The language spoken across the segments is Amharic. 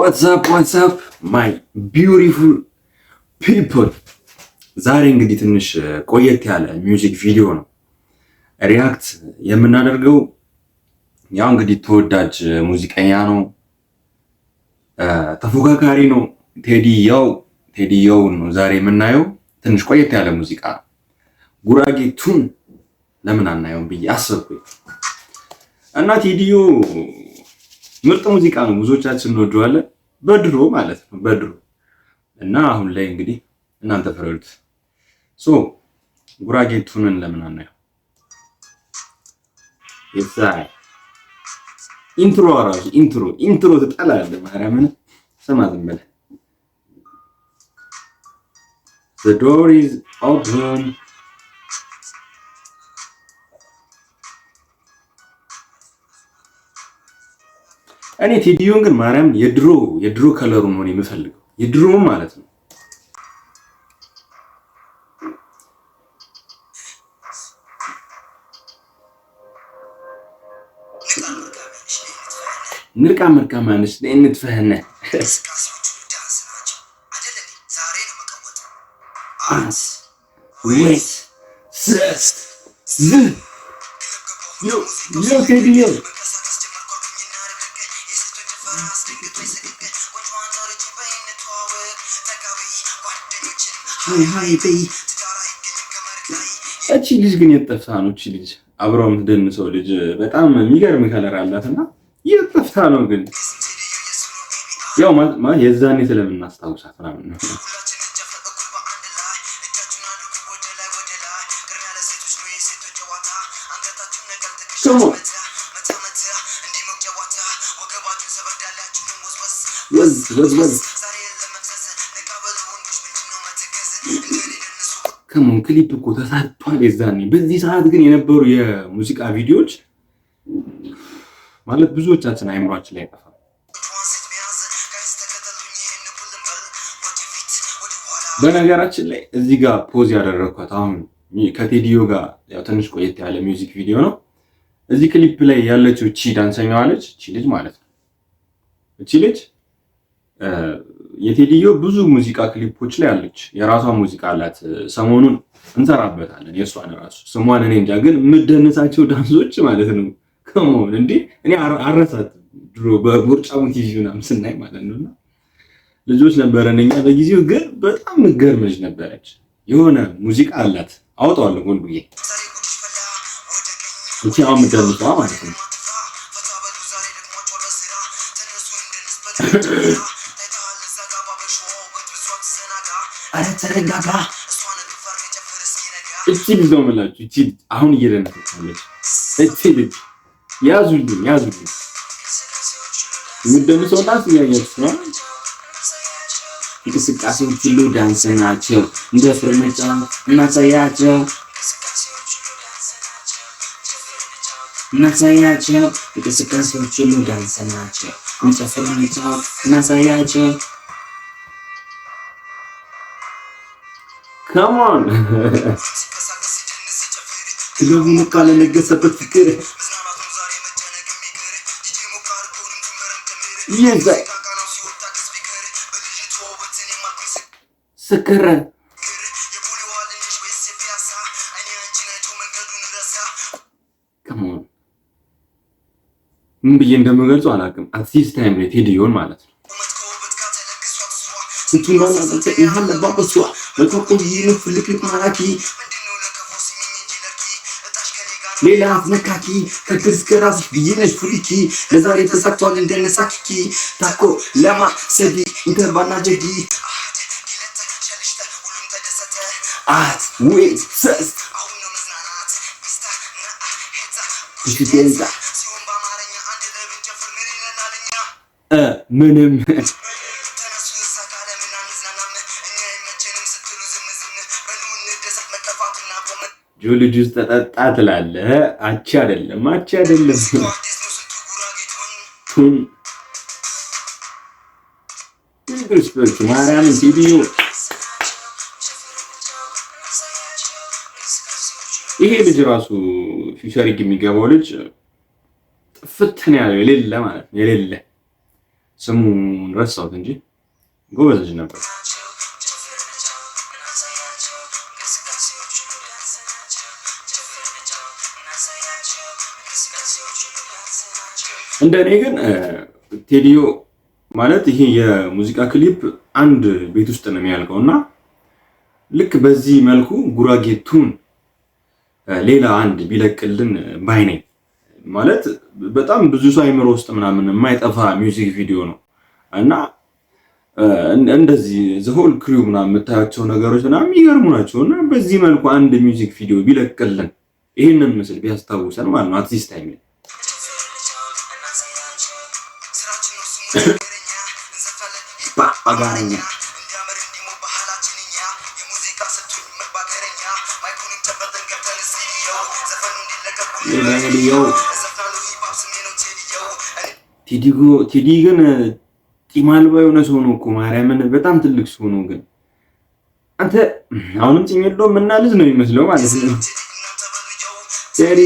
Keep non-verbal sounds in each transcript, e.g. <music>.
ዋትሳፕ ዋትሳፕ ማይ ቢዩቲፉል ፒፕል ዛሬ እንግዲህ ትንሽ uh, ቆየት ያለ ሚውዚክ ቪዲዮ ነው ሪያክት የምናደርገው። ያው እንግዲህ ተወዳጅ ሙዚቀኛ ነው፣ uh, ተፎካካሪ ነው ቴዲ ያው ነው ዛሬ የምናየው። ትንሽ ቆየት ያለ ሙዚቃ ነው። ጉራጌ ቱን ለምን አናየውም ብዬ አሰብኩኝ እና ቴዲዮ ምርጥ ሙዚቃ ነው። ብዙዎቻችን እንወደዋለን፣ በድሮ ማለት ነው በድሮ እና አሁን ላይ እንግዲህ እናንተ ፈረዱት። ሶ ጉራጌ ቱንን ለምን አናየው? ኢንትሮ አራሽ ኢንትሮ ኢንትሮ ትጠላለህ። ማርያምን ስማ ዝም ብለህ ዘ ዶር ኢዝ ኦፕን እኔ ቴዲዮን ግን ማርያም የድሮ የድሮ ከለሩ ነው የምፈልገው፣ የድሮ ማለት ነው። ምርቃም ምርቃም አንስ ለእነት ፈህነ ቴዲዮ እቺ ልጅ ግን የጠፍታ ነው። እቺ ልጅ አብረው የምትደንሰው ልጅ በጣም የሚገርም ከለር አላት እና የጠፍታ ነው ግን ያው የዛኔ ስለምናስታውሳት ምናምን ነው። ወዝ ወዝ ወዝ ከሞን ክሊፕ እኮ ተሰርቷል የዛኔ። በዚህ ሰዓት ግን የነበሩ የሙዚቃ ቪዲዮዎች ማለት ብዙዎቻችን አይምሯችን ላይ ጠፋ። በነገራችን ላይ እዚህ ጋር ፖዝ ያደረግኳት አሁን ከቴዲዮ ጋር ያው ትንሽ ቆየት ያለ ሚውዚክ ቪዲዮ ነው። እዚህ ክሊፕ ላይ ያለችው ቺ ዳንሰኛዋለች፣ ቺ ልጅ ማለት ነው። እቺ ልጅ የቴዲዮ ብዙ ሙዚቃ ክሊፖች ላይ አለች። የራሷ ሙዚቃ አላት። ሰሞኑን እንሰራበታለን የእሷን ራሱ ስሟን እኔ እንጃ፣ ግን የምደነሳቸው ዳንሶች ማለት ነው። ከመሆን እንዴ እኔ አረሳት ድሮ በቦርጫ ቲቪ ምናምን ስናይ ማለት ነው። እና ልጆች ነበረን እኛ በጊዜው፣ ግን በጣም ምገርመች ነበረች። የሆነ ሙዚቃ አላት አውጣዋለሁ ወንዱዬ እቺ አሁን የምደንሰዋ ማለት ነው አረ ተረጋጋ። እቺ ልጅ ነው የምላችሁ። እቺ ልጅ አሁን እየደነፈቻለች። እቺ ልጅ ያዙልኝ፣ ያዙልኝ የምትደንሰው ዳንስ እያያችሁ ነው። እንቅስቃሴዎች ሁሉ ዳንስ ናቸው። እንደ ፍርምጫ እናሳያቸው፣ እናሳያቸው። እንቅስቃሴዎች ሁሉ ዳንስ ናቸው። እንደ ፍርምጫ እናሳያቸው ከሞን ክለቡ ቃል የነገሰበት ፍቅር ስክር ምን ብዬ እንደምገልጹ አላውቅም። አት ዚስ ታይም ላይ ቴዲዮን ማለት ነው Si tu m'as ሌላ አፍነካኪ ከግዝ ከራስ ብይነሽ ፍሪኪ ለዛሬ ተሳክቷል እንደነሳ ታኮ ለማ ሰዲ ኢንተርባና ጀጊ አት ዌት ሰስ ምንም ጆሊ ጁስ ተጠጣ ትላለህ። አቺ አይደለም አቺ አይደለም ቱን ክርስቶስ ማርያም ቲቪዩ ይሄ ልጅ ራሱ ፊቸሪንግ የሚገባው ልጅ ጥፍትን ያለው የሌለ ማለት ነው የሌለ ስሙን ረሳሁት እንጂ ጎበዝ ልጅ ነበር። እንደ እኔ ግን ቴዲዮ ማለት ይሄ የሙዚቃ ክሊፕ አንድ ቤት ውስጥ ነው የሚያልቀው እና ልክ በዚህ መልኩ ጉራጌቱን ሌላ አንድ ቢለቅልን ባይ ነኝ። ማለት በጣም ብዙ ሰው አይምሮ ውስጥ ምናምን የማይጠፋ ሚውዚክ ቪዲዮ ነው እና እንደዚህ ዘሆል ክሪው ምናምን የምታያቸው ነገሮች ምናምን የሚገርሙ ናቸው እና በዚህ መልኩ አንድ ሚውዚክ ቪዲዮ ቢለቅልን ይህንን ምስል ቢያስታውሰን ማለት ነው አትሊስት አጋነኛ ቴዲ ግን ጢም አልባ የሆነ ሰው ነው እኮ ማርያምን፣ በጣም ትልቅ ሰው ነው። ግን አንተ አሁንም ጢም የለውም እና ልጅ ነው የሚመስለው ማለት ነው ቴዲ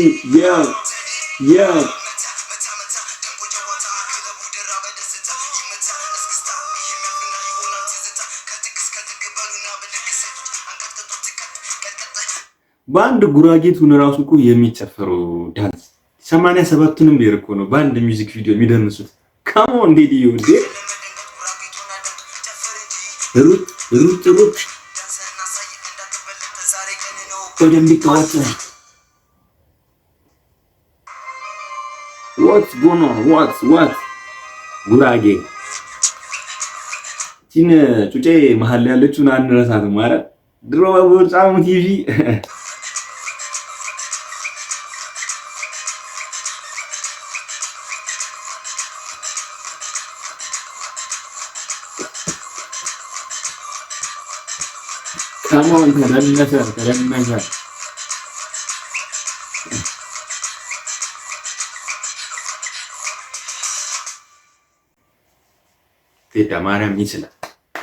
በአንድ ጉራጌቱን ራሱ እኮ የሚጨፈሩ ዳንስ ሰማንያ ሰባቱንም ብሄር እኮ ነው በአንድ ሚዚክ ቪዲዮ የሚደንሱት። ካሞ እንዴት ይሁ እንዴ ሩት ሩት ሩት ወደሚቃወት ዋት ጎኖ ዋት ዋት ጉራጌ ቲን ጩጬ መሀል ያለችውን አንረሳትም። ድሮ በቦርጫሙ ቲቪ <laughs> ሳሙኤል ቀደምነህ ቀደምነህ ቴዲ ማርያም ይችላል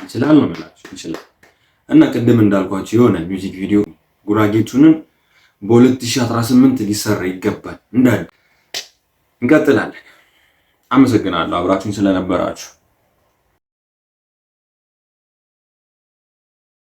ይችላል ነው የምላችሁ ይችላል። እና ቅድም እንዳልኳችሁ የሆነ ሚውዚክ ቪዲዮ ጉራጌቹንን በ2018 ሊሰራ ይገባል እንዳለ እንቀጥላለን። አመሰግናለሁ አብራችሁን ስለነበራችሁ።